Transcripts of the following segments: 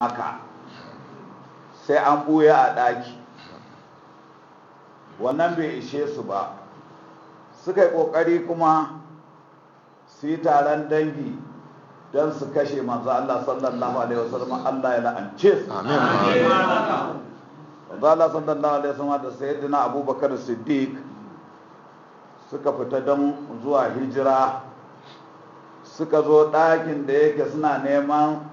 haka sai an buya a ɗaki wannan bai ishe su ba suka yi ƙoƙari kuma su yi taron dangi don su kashe manzo Allah sallallahu alaihi wasallam Allah ya la'ance su manzo Allah sallallahu alaihi wasallam da sayyidina Abubakar Siddiq suka fita don zuwa hijira suka zo ɗakin da yake suna neman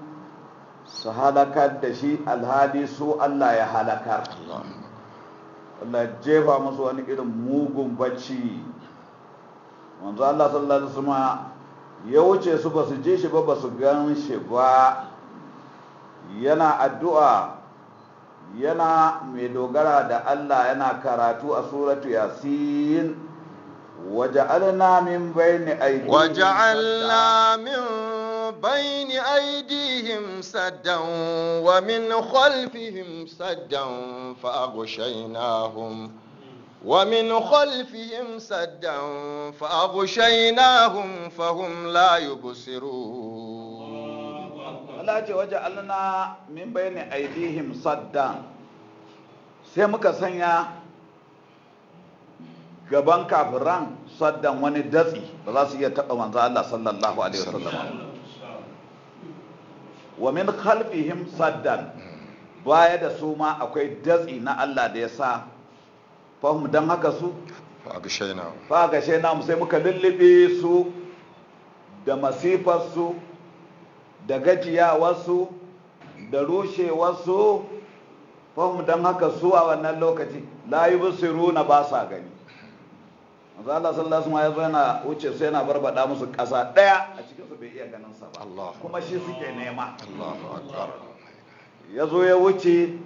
su halakar da shi alhali su Allah ya halakar Allah jefa musu wani irin mugun bacci wanzu Allah sallallahu alaihi ma ya wuce su ba su je shi ba ba su gan shi ba yana addu'a yana mai dogara da Allah yana karatu a suratu yasin alina min bayni aydihim waja'alna min بين أيديهم سدا ومن خلفهم سدا فأغشيناهم ومن خلفهم سدا فأغشيناهم فهم لا يبصرون الله ce waje من بين أيديهم سدا سيمك سنيا gaban kafiran saddan wani datsi ba za su iya taɓa manzo Allah sallallahu alaihi wasallam wa min khalfihim saddan baya da su ma akwai datsi na Allah da ya sa fahim don haka su fa ga mu sai muka lullube su da masifar su, da gajiyawarsu da rushewarsu fahim dan haka su a wannan lokaci layu busiruna ba sa gani manzo Allah sallallahu alaihi wasallam yana wuce sai yana barbada musu ƙasa daya a cikin su bai iya ganin sa ba kuma shi suke nema Allahu akbar ya zo ya wuce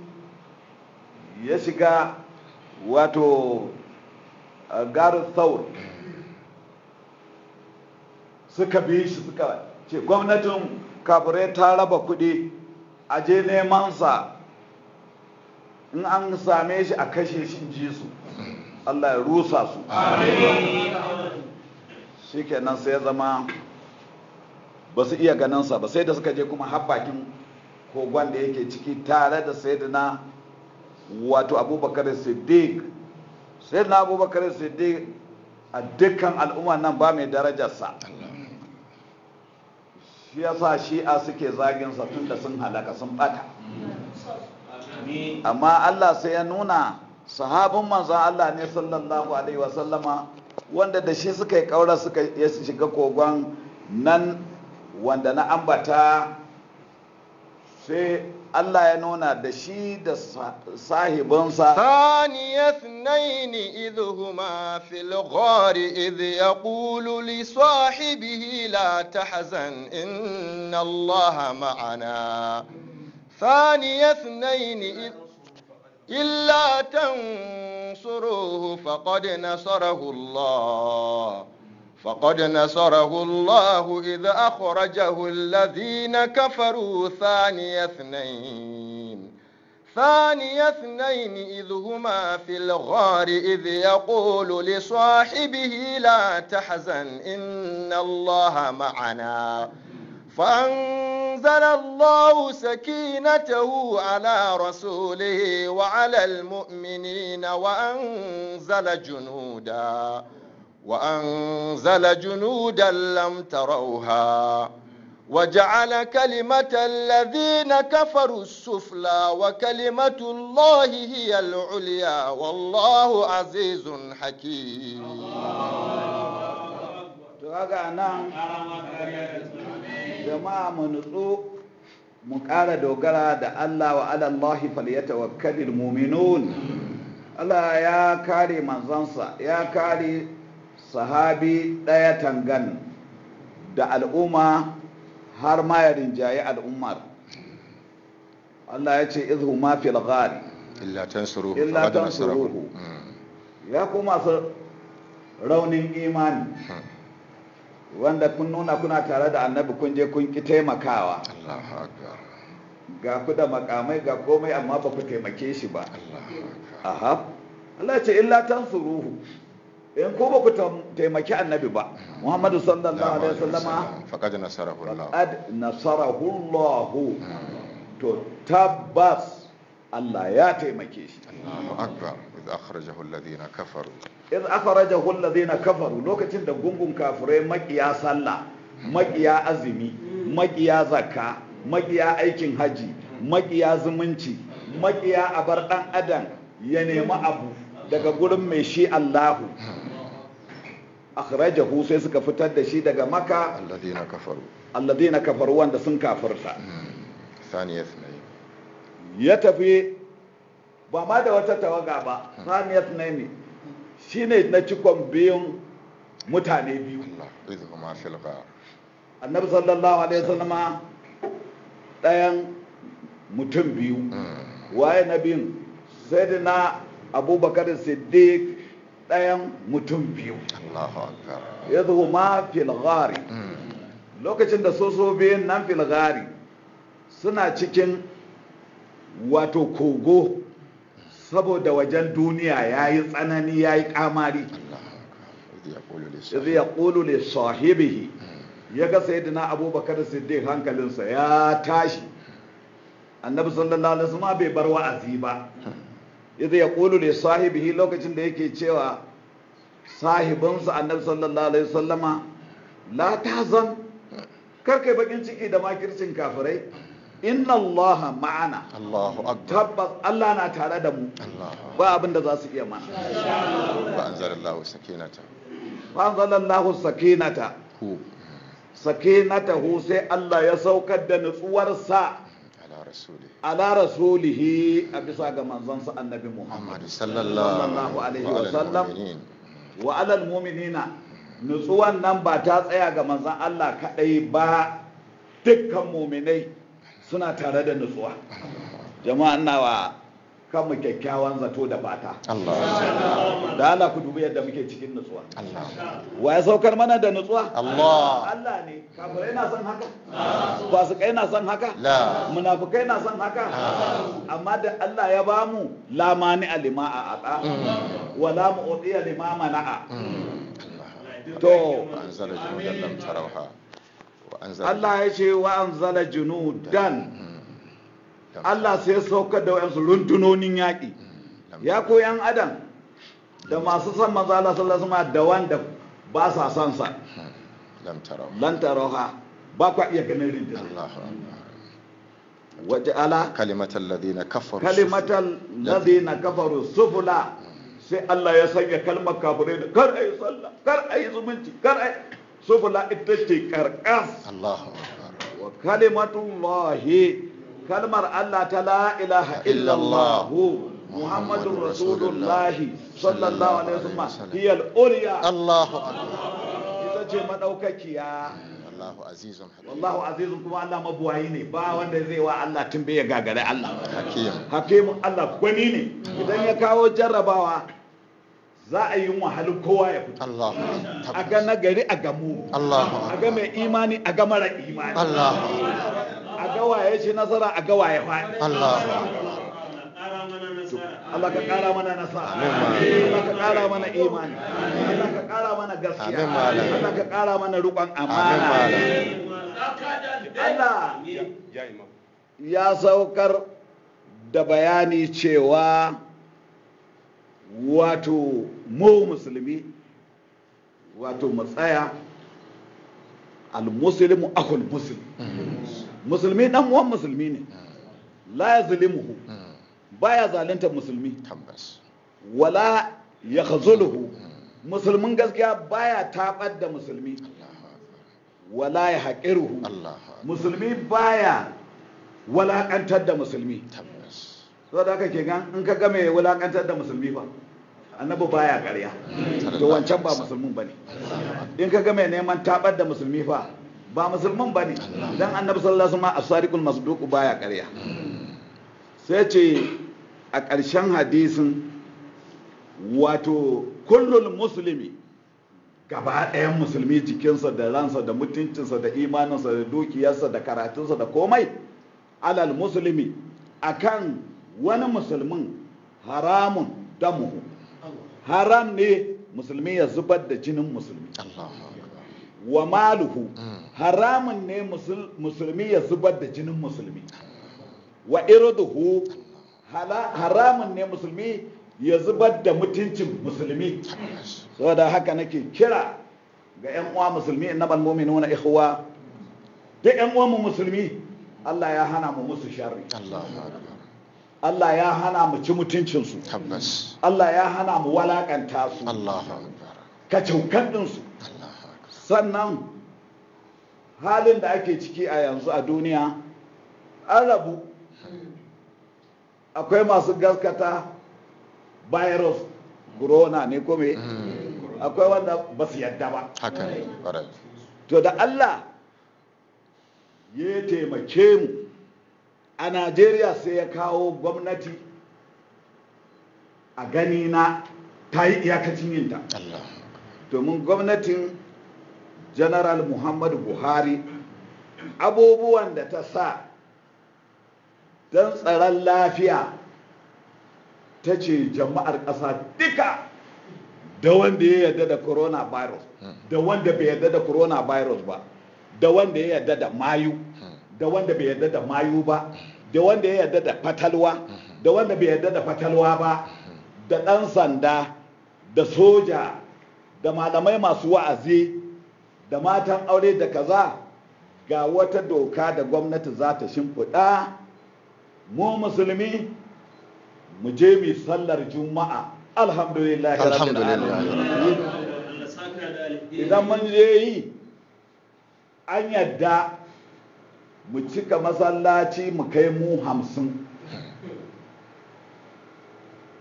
ya shiga wato gar saur suka bi shi suka ce gwamnatin kafirai ta raba kuɗi a je neman sa in an same shi a kashe shi ji Allah ya rusa su shi kenan sai ya zama ba su iya sa ba sai da suka je kuma haɓakin kogon da yake ciki tare da na wato abubakar siddiq na abubakar siddiq a dukkan al'umma nan ba mai darajarsa shi sa shi'a suke zaginsa tun da sun halaka sun bata amma Allah sai ya nuna sahabin manzon Allah ne sallallahu alaihi wasallama wanda da shi suka yi kaura suka ya shiga kogon nan wanda na ambata sai Allah ya nuna da shi da sahibinsa thaniya thnaini idhuma filgori ghari ya yaqulu li hila la hazan inna Allah ma'ana sinai thnaini idh إلا تنصروه فقد نصره الله فقد نصره الله إذ أخرجه الذين كفروا ثاني اثنين ثاني اثنين إذ هما في الغار إذ يقول لصاحبه لا تحزن إن الله معنا فأن أنزل الله سكينته على رسوله وعلى المؤمنين وأنزل جنودا وأنزل جنودا لم تروها وجعل كلمة الذين كفروا السفلى وكلمة الله هي العليا والله عزيز حكيم الله ga nan jama'a mu nutsu mu ƙara dogara da Allah wa alallahi falyatawakkalul mu'minun Allah ya kare manzansa ya kare sahabi ɗaya tangan da al'umma har ma ya rinjaye al'ummar Allah ya ce izhu ma fil ghari illa tansuruhu illa hmm. ya kuma raunin imani hmm. wanda kun nuna kuna tare da annabi kun je kun ki taimakawa ga ku da makamai ga komai amma ba ku taimake shi ba aha Allah ce illa tansuruhu in ko ba ku taimaki annabi ba mm. Muhammadu sallallahu alaihi wasallama faqad nasarahu Allah faqad nasarahu Allah mm. to tabbas Allah ya taimake shi Allahu akbar idza akhrajahu alladhina kafaru iz akhrajahu alladhina kafaru lokacin da gungun kafirai makiya sallah makiya azumi makiya zakka makiya aikin haji makiya zumunci makiya abar dan adam ya nemi abu daga gurin mai shi Allahu akhrajahu sai suka fitar da shi daga maka alladhina kafaru alladhina kafaru wanda sun kafirta saniyat ya tafi ba ma da wata tawaga ba saniyat ne ne na cikon biyun mutane biyu annabi sallallahu alaihi wasallama ɗayan mutum biyu hmm. waye na biyun sai da na abubakar siddiq ɗayan mutum biyu ya ma filgari hmm. lokacin da soso biyun nan filgari suna cikin wato kogo saboda wajen duniya ya yi tsanani ya yi kamari ya ƙulu ne sahibihi ya ga dina abubakar siddiq hankalinsa ya tashi annabi sallallahu alaihi wasallam bai bar wa'azi ba idan ya ƙulu ne sahibihi lokacin da yake cewa sahibinsa annabi sallallahu alaihi wasallama la tazan kar kai bakin ciki da makircin kafirai inna allaha ma'ana Allahu akbar tabbas Allah na tare da mu ba abin da za su iya mana ba anzalallahu sakinata ba anzalallahu sakinata hu sakinata hu sai Allah ya saukar da nutsuwarsa ala rasulihi a bisa ga manzansa annabi Muhammad sallallahu alaihi wa sallam wa alal mu'minina nutsuwan nan ba ta tsaya ga manzan Allah kadai ba dukkan mu'minai suna tare da nutsuwa jama'a ina wa kanmu kyakkyawan zato da fata da Allah ku dubi yadda muke cikin nutsuwa wa ya saukar mana da nutsuwa Allah ne kafirai na son haka fasikai na son haka munafukai na son haka amma da Allah ya bamu lamani alima a ata wala mu'tiya lima a mm. mm. to Allah ya ce wa anzala junudan hmm. Allah sai sauka da wayansu rundunonin yaƙi hmm. ya koyan yan adam da masu san manzo Allah sallallahu alaihi da wanda ba sa san sa hmm. lan ba kwa iya ganin rundunar waja'ala kalimatal ladina kafaru kalimatal ladina kafaru sufula sai Allah ya sanya kalmar kafirai kar ayi sallah kar ayi zumunci kar ayi sufula ita ce karkas wa kalimatullahi kalmar Allah ta la ilaha illallah muhammadun rasulullahi sallallahu alaihi wasallam hiyal ulya Allahu ita ce madaukakiya Allahu azizun Wallahu azizun kuma Allah mabuwayi ne ba wanda zai wa Allah tun ya gagare Allah Hakim Allah gwani ne idan ya kawo jarrabawa za a yi wahalin kowa ya fito a ga nagari a gamu a ga mai imani a ga mara imani a ga waye ce nasara a ga waye fa Allah ka ƙara mana nasara Allah ka ƙara mana imani Allah ka ƙara mana gaskiya Allah ka ƙara mana rukon amana Allah ya saukar da bayani cewa wato mu musulmi wato matsaya al-muslimu akul muslim musulmi dan uwan musulmi ne la ya ba baya zalunta musulmi tabbas wala khazuluhu musulmin gaskiya baya tabar da musulmi wala ya haƙiruhu musulmi baya walaƙantar da musulmi to da haka gan in ka ga mai wulakantar da musulmi fa annabi baya ƙarya to wancan ba musulmin bane in ka ga mai neman tabar da musulmi fa ba musulmin bane dan annabi sallallahu alaihi wasallam as-sadiqul masduq baya ƙarya sai ce a ƙarshen hadisin wato kullul muslimi gaba ɗayan musulmi jikinsa da ransa da mutuncinsa da imaninsa da dukiyarsa da karatunsa da komai alal musulmi akan wani musulmin haramun damu haram ne musulmi ya zubar da jinin musulmi wa maluhu hmm. haramun ne musulmi ya zubar da jinin musulmi wa irduhu haramun ne musulmi ya zubar da mutuncin musulmi saboda haka nake kira ga 'yan uwa musulmi innabal mu'minuna ikhwa da 'yan uwa musulmi Allah ya hana mu musu sharri Allah ya hana mu ci mutuncinsu Allah ya hana mu walakanta su ka caukan ɗinsu sannan halin da ake ciki a yanzu a duniya an rabu akwai masu gaskata virus corona ne kome hmm. akwai wanda ba su yadda ba to da Allah ya taimake mu a najeriya sai ya kawo gwamnati a gani na ta yi iyakacin yinta domin gwamnatin general muhammadu buhari abubuwan da ta sa don tsaron lafiya ta ce jama'ar ƙasa duka da wanda ya yarda da coronavirus hmm. da wanda bai yarda da coronavirus ba da wanda ya yarda da mayu hmm. da wanda bai yarda da mayu ba da wanda ya yarda da fatalwa da wanda bai yarda da fatalwa ba da ɗan sanda da soja da malamai masu wa'azi da matan aure da kaza ga wata doka da gwamnati za ta shimfiɗa mu musulmi mu je mu sallar juma'a alhamdulillah idan mun je yi an yarda. mu cika masallaci mu kai mu hamsin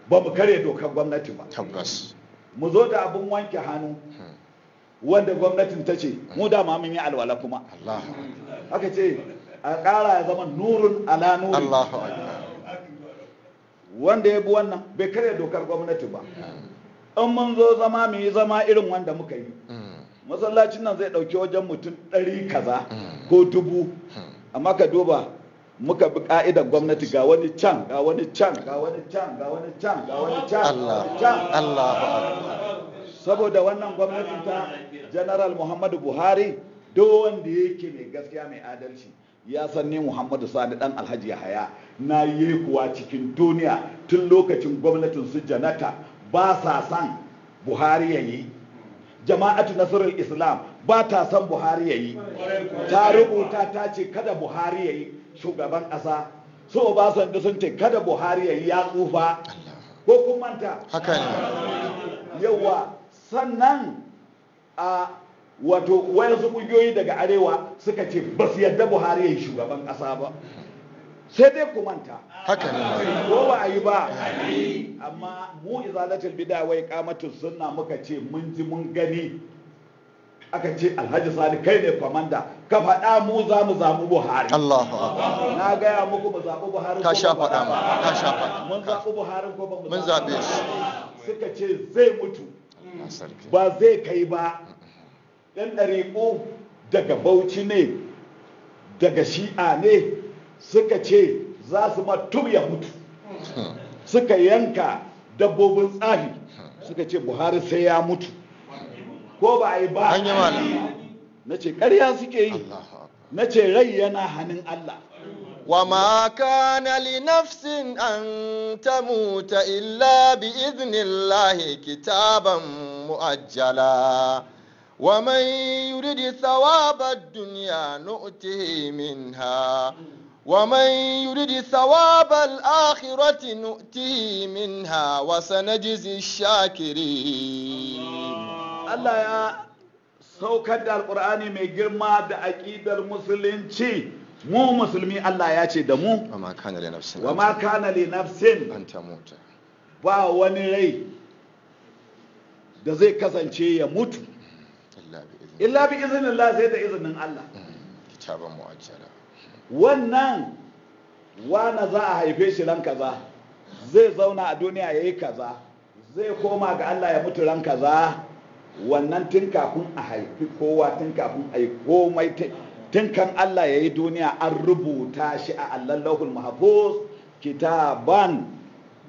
ba mu kare dokar gwamnati ba tabbas mu zo da abin wanke hannu wanda gwamnatin ta ce mu da ma mun yi alwala kuma haka ce a ƙara ya zama nurun ala nuri wanda ya bi wannan bai kare dokar gwamnati ba hmm. in mun zo zama mu yi zama irin wanda muka yi hmm. masallacin nan zai ɗauki wajen mutum ɗari kaza hmm. ko dubu hmm. amma ka duba muka bi ka'idar gwamnati ga wani can ga wani can ga wani can ga wani can ga wani can Allah saboda wannan gwamnati ta general muhammadu buhari duk wanda yake mai gaskiya mai adalci ya san ni muhammadu sani dan alhaji ya haya na yi kuwa cikin duniya tun lokacin gwamnatin su janata ba sa san buhari ya yi jama'atu nasarar islam ba ta san buhari ya yi ta rubuta ta ce kada buhari ya yi shugaban ƙasa so obasanjo sun ce kada buhari ya yi ya tsufa ko kun manta haka sannan a wato wayansu ƙungiyoyi daga arewa suka ce ba su yadda buhari ya yi shugaban ƙasa ba sai dai ku manta haka ne ko ba a yi ba amma mu izalatul bid'a wai qamatu sunna muka ce mun ji mun gani aka ce alhaji sani kai ne kwamanda ka faɗa mu za mu zaɓi buhari allahu akbar na gaya muku mu zaɓi buhari ka sha faɗa ma ka sha faɗa mun zaɓi buhari ko ba mu mun shi suka ce zai mutu ba zai kai ba ɗan ɗariƙo daga bauchi ne daga shi'a ne suka ce za su ya mutu suka yanka dabbobin tsafi suka ce buhari sai ya mutu ko ba a yi ba na ce karya suke yi na ce rai yana hannun allah wa ma na li nafsin an ta muta illa bi iznillahi kitaban mu'ajjala wa mai man yuridi thawaba dunya nu'tihi ha. ومن يرد ثواب الآخرة نؤته منها وسنجزي الشاكرين الله يا saukar da alkur'ani mai girma da aƙidar musulunci mu musulmi Allah ya ce da mu wa ma kana li nafsin ba wani rai da zai kasance ya mutu illa bi izinin Allah da izinin Allah wannan wana za a haife shi ran kaza zai zauna a duniya ya yi kaza zai koma ga Allah ya mutu ran kaza wannan tun kafin a haifi kowa tun kafin a yi komai tun kan Allah ya yi duniya an rubuta shi a Allah lahul mahfuz kitaban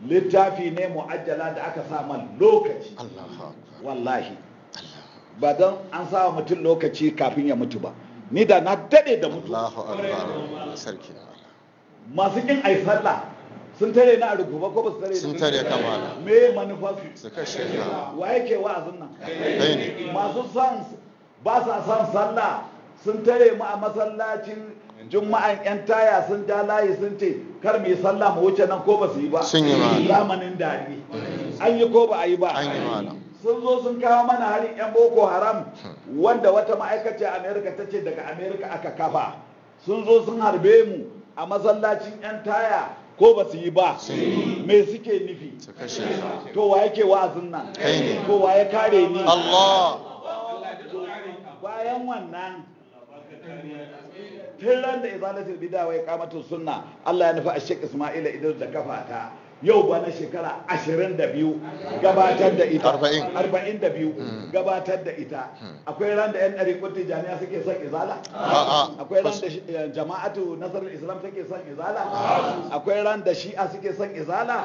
littafi ne mu'ajjala da aka sa man lokaci wallahi ba don an sa mutum lokaci kafin ya mutu ba ni da na dade da mutu masu kin ai sallah sun tare na a rububa ko ba su tare sun tare kamala me manufa su kashe ka wa yake azun nan masu san ba sa san sallah sun tare mu a masallacin juma'an yan taya sun ja layi sun ce kar mu yi sallah mu wuce nan ko basu yi ba sun yi zamanin dari an yi ko ba a yi ba an yi malam sun zo sun kawo mana harin 'yan boko haram wanda wata ma'aikaciya amerika ta ce daga amerika aka kafa sun zo sun harbe mu a masallacin 'yan taya ko ba su yi ba me suke nufi to wa yake wa'azin nan to wa ya kare ni Allah bayan wannan tun da izalatul bid'a wa kamata sunna Allah ya nufi a Sheikh Isma'ila Idris da kafa ta yau na shekara 22 gabatar da ita 42 hmm. gabatar da ita hmm. akwai ran da yan ɗariƙun jami'a suke son izala akwai ran da eh, jama'atu nasarar islam suke son izala akwai ran da shi'a suke son izala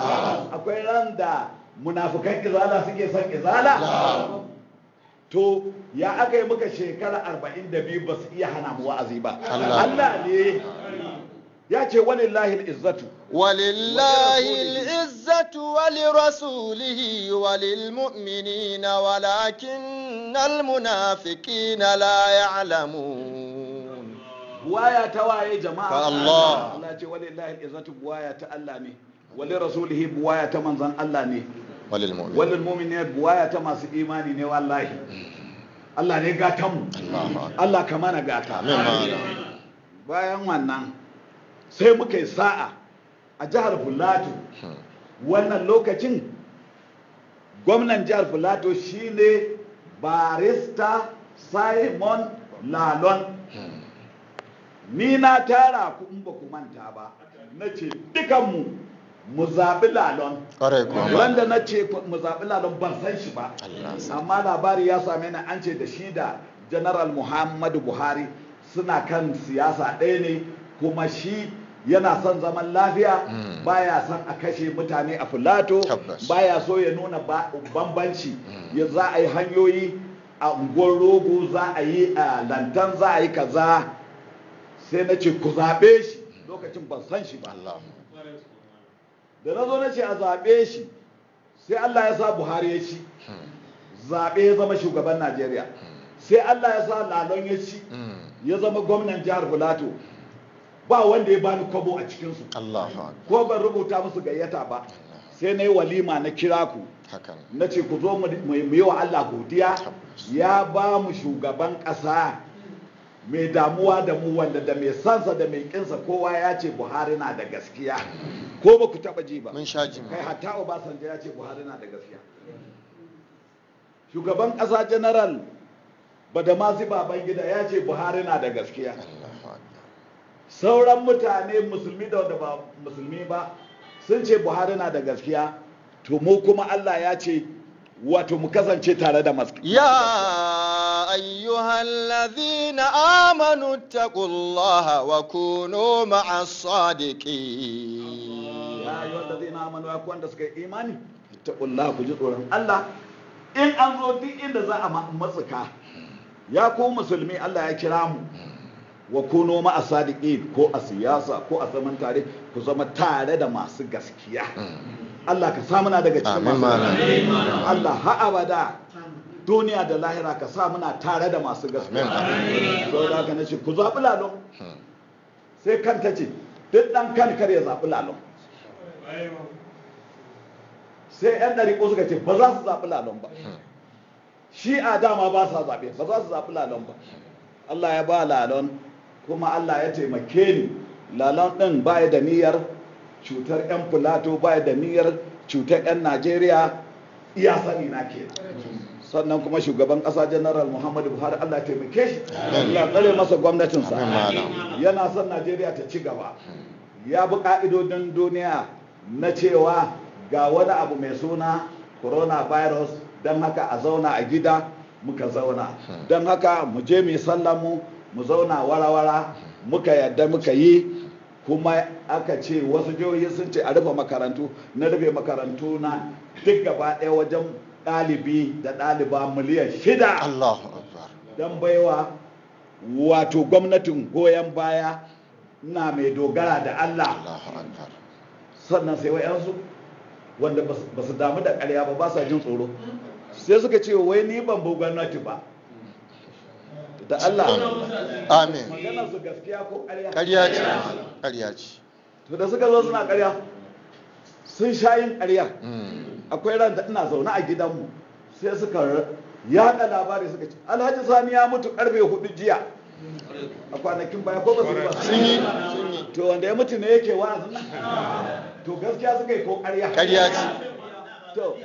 akwai ran da munafukan izala suke son izala to ya aka yi muka shekara 42 ba su iya hana mu wa'azi ba Allah ne ya ce walillahi izzatu walillahi izzatu wali rasulihi walil mu'minina walakinnal na la ya'lamun buwaya ta waye jama'a ta Allah Allah ce walillahi izzatu buwaya ta Allah ne wali rasulihi buwaya ta manzon Allah ne walil mu'min walil buwaya ta masu imani ne wallahi Allah ne gata mu Allah kamana gata bayan wannan sai muka yi sa'a a jihar Filato wannan lokacin gwamnan jihar Filato shine barista Simon Lalon ni na tara ku in ba ku manta ba na ce dukanmu mu zaɓi lalon wanda na ce mu zaɓi lalon ban san shi ba amma labari ya same ni an ce da shi da general muhammadu buhari suna kan siyasa ɗaya ne kuma shi yana son zaman lafiya mm. baya son a kashe mutane a fulato baya so ya nuna bambanci mm. ya za a yi hanyoyi a unguwar rogo za a yi a lantan za a yi kaza sai na ce ku zaɓe shi lokacin ban san shi ba da na zo na ce a zaɓe shi sai Allah ya sa Buhari ya ci hmm. zaɓe ya zama shugaban Najeriya hmm. sai Allah ya sa Lalon ya ci hmm. ya zama gwamnan jihar Filato ba wanda ya bani kwabo a cikinsu ko ban rubuta musu gayyata ba sai na yi walima na kira ku na ce ku zo mu yi wa Allah godiya ya ba mu shugaban ƙasa mai damuwa da mu wanda da mai sansa da mai kinsa kowa ya ce buhari na da gaskiya ko ba ku taba ji ba kai hatta obasanjo ya ce buhari na da gaskiya shugaban ƙasa general badamazi babangida ya ce buhari na da gaskiya sauran mutane musulmi da wanda ba musulmi ba sun ce buhari na da gaskiya to mu kuma allah ya ce wato mu kasance tare da masu ya na amanu taqullaha wa kunu ma'as sadiqin ya na amanu ya wanda suka imani taqullaha ku ji tsoron allah in an zo duk inda za a matsuka ya ku musulmi allah ya kira mu wa kuno ma sadiƙin ko a siyasa ko a zaman tare ku zama tare da masu gaskiya hmm. Allah ka sa muna daga cikin masu gaskiya. Allah ha abada duniya da lahira ka sa muna tare da masu gaskiya so da ka nace ku zabi lalon hmm. sai kan ta ce duk dan kan kar ya zabi lalon sai yan ko suka ce ba za su zabi lalon ba hmm. shi a dama ba sa zabe ba za su zabi lalon ba Allah ya ba lalon kuma Allah ya taimake ni lalon ɗin baya da niyyar cutar 'yan filato baya da niyyar cutar 'yan najeriya iya sani na ke sannan kuma shugaban ƙasa janaral muhammadu buhari allah taimake shi ya tsare masa gwamnatinsa yana son najeriya ta ci gaba ya bi ƙa'idodin duniya na cewa ga wani abu mai suna coronavirus don haka a zauna a gida muka zauna hmm. don haka mu je mu yi sallamu mu zauna warawara muka yadda muka yi kuma aka ce wasu jihohi sun ce a rufe makarantu na rufe makarantu na duk gaba ɗaya wajen ɗalibi da ɗaliba miliyan shida don baiwa wato gwamnatin goyon baya na mai dogara da Allah sannan sai wa'yansu wanda ba su damu da karya ba ba sa jin tsoro sai suka ce wai ni ban bu gwamnati ba da Allah amin ƙarya ce ƙarya ce to da suka zo suna ƙarya sun shayin yin ƙarya hmm. akwai ran da ina zaune a gidanmu sai suka yada labari suka ce alhaji sani ya mutu karfe hudu jiya a kwanakin baya ko ba su ba sun yi to wanda ya mutu ne yake wa to gaskiya suka yi ko ƙarya ƙarya ce to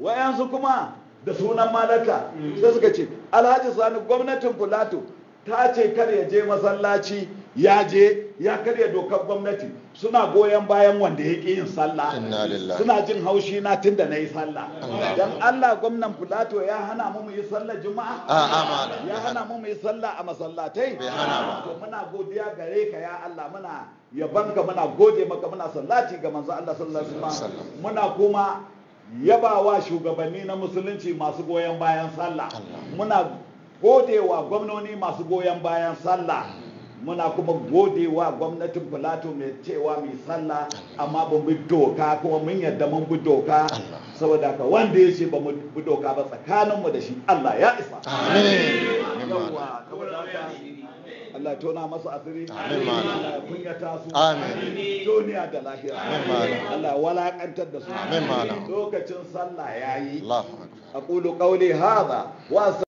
wayansu kuma da sunan malaka sai suka ce alhaji sani gwamnatin filato ta ce kar ya je masallaci ya je ya karya dokar gwamnati suna goyon bayan wanda ya ƙi yin sallah suna jin haushi na tun da na yi sallah don allah gwamnan filato ya hana mu yi sallah juma'a ya hana mu yi sallah a masallatai to muna godiya gare ka ya allah muna yabanka muna gode maka muna sallaci ga manzo allah sallallahu alaihi wasallam muna kuma yabawa shugabanni na musulunci masu goyon bayan sallah muna godewa gwamnoni masu goyon bayan sallah muna kuma gode wa gwamnatin Filato mai cewa mai sallah amma ba mu doka kuma mun yarda mun bi doka saboda haka wanda ya ce ba mu bi doka ba tsakaninmu da shi Allah ya isa Amin. Allah tona masa asiri amin Allah kunyata su amin duniya da lafiya amin Allah walakantar da su amin lokacin sallah yayi Allahu akbar aqulu qawli hadha wa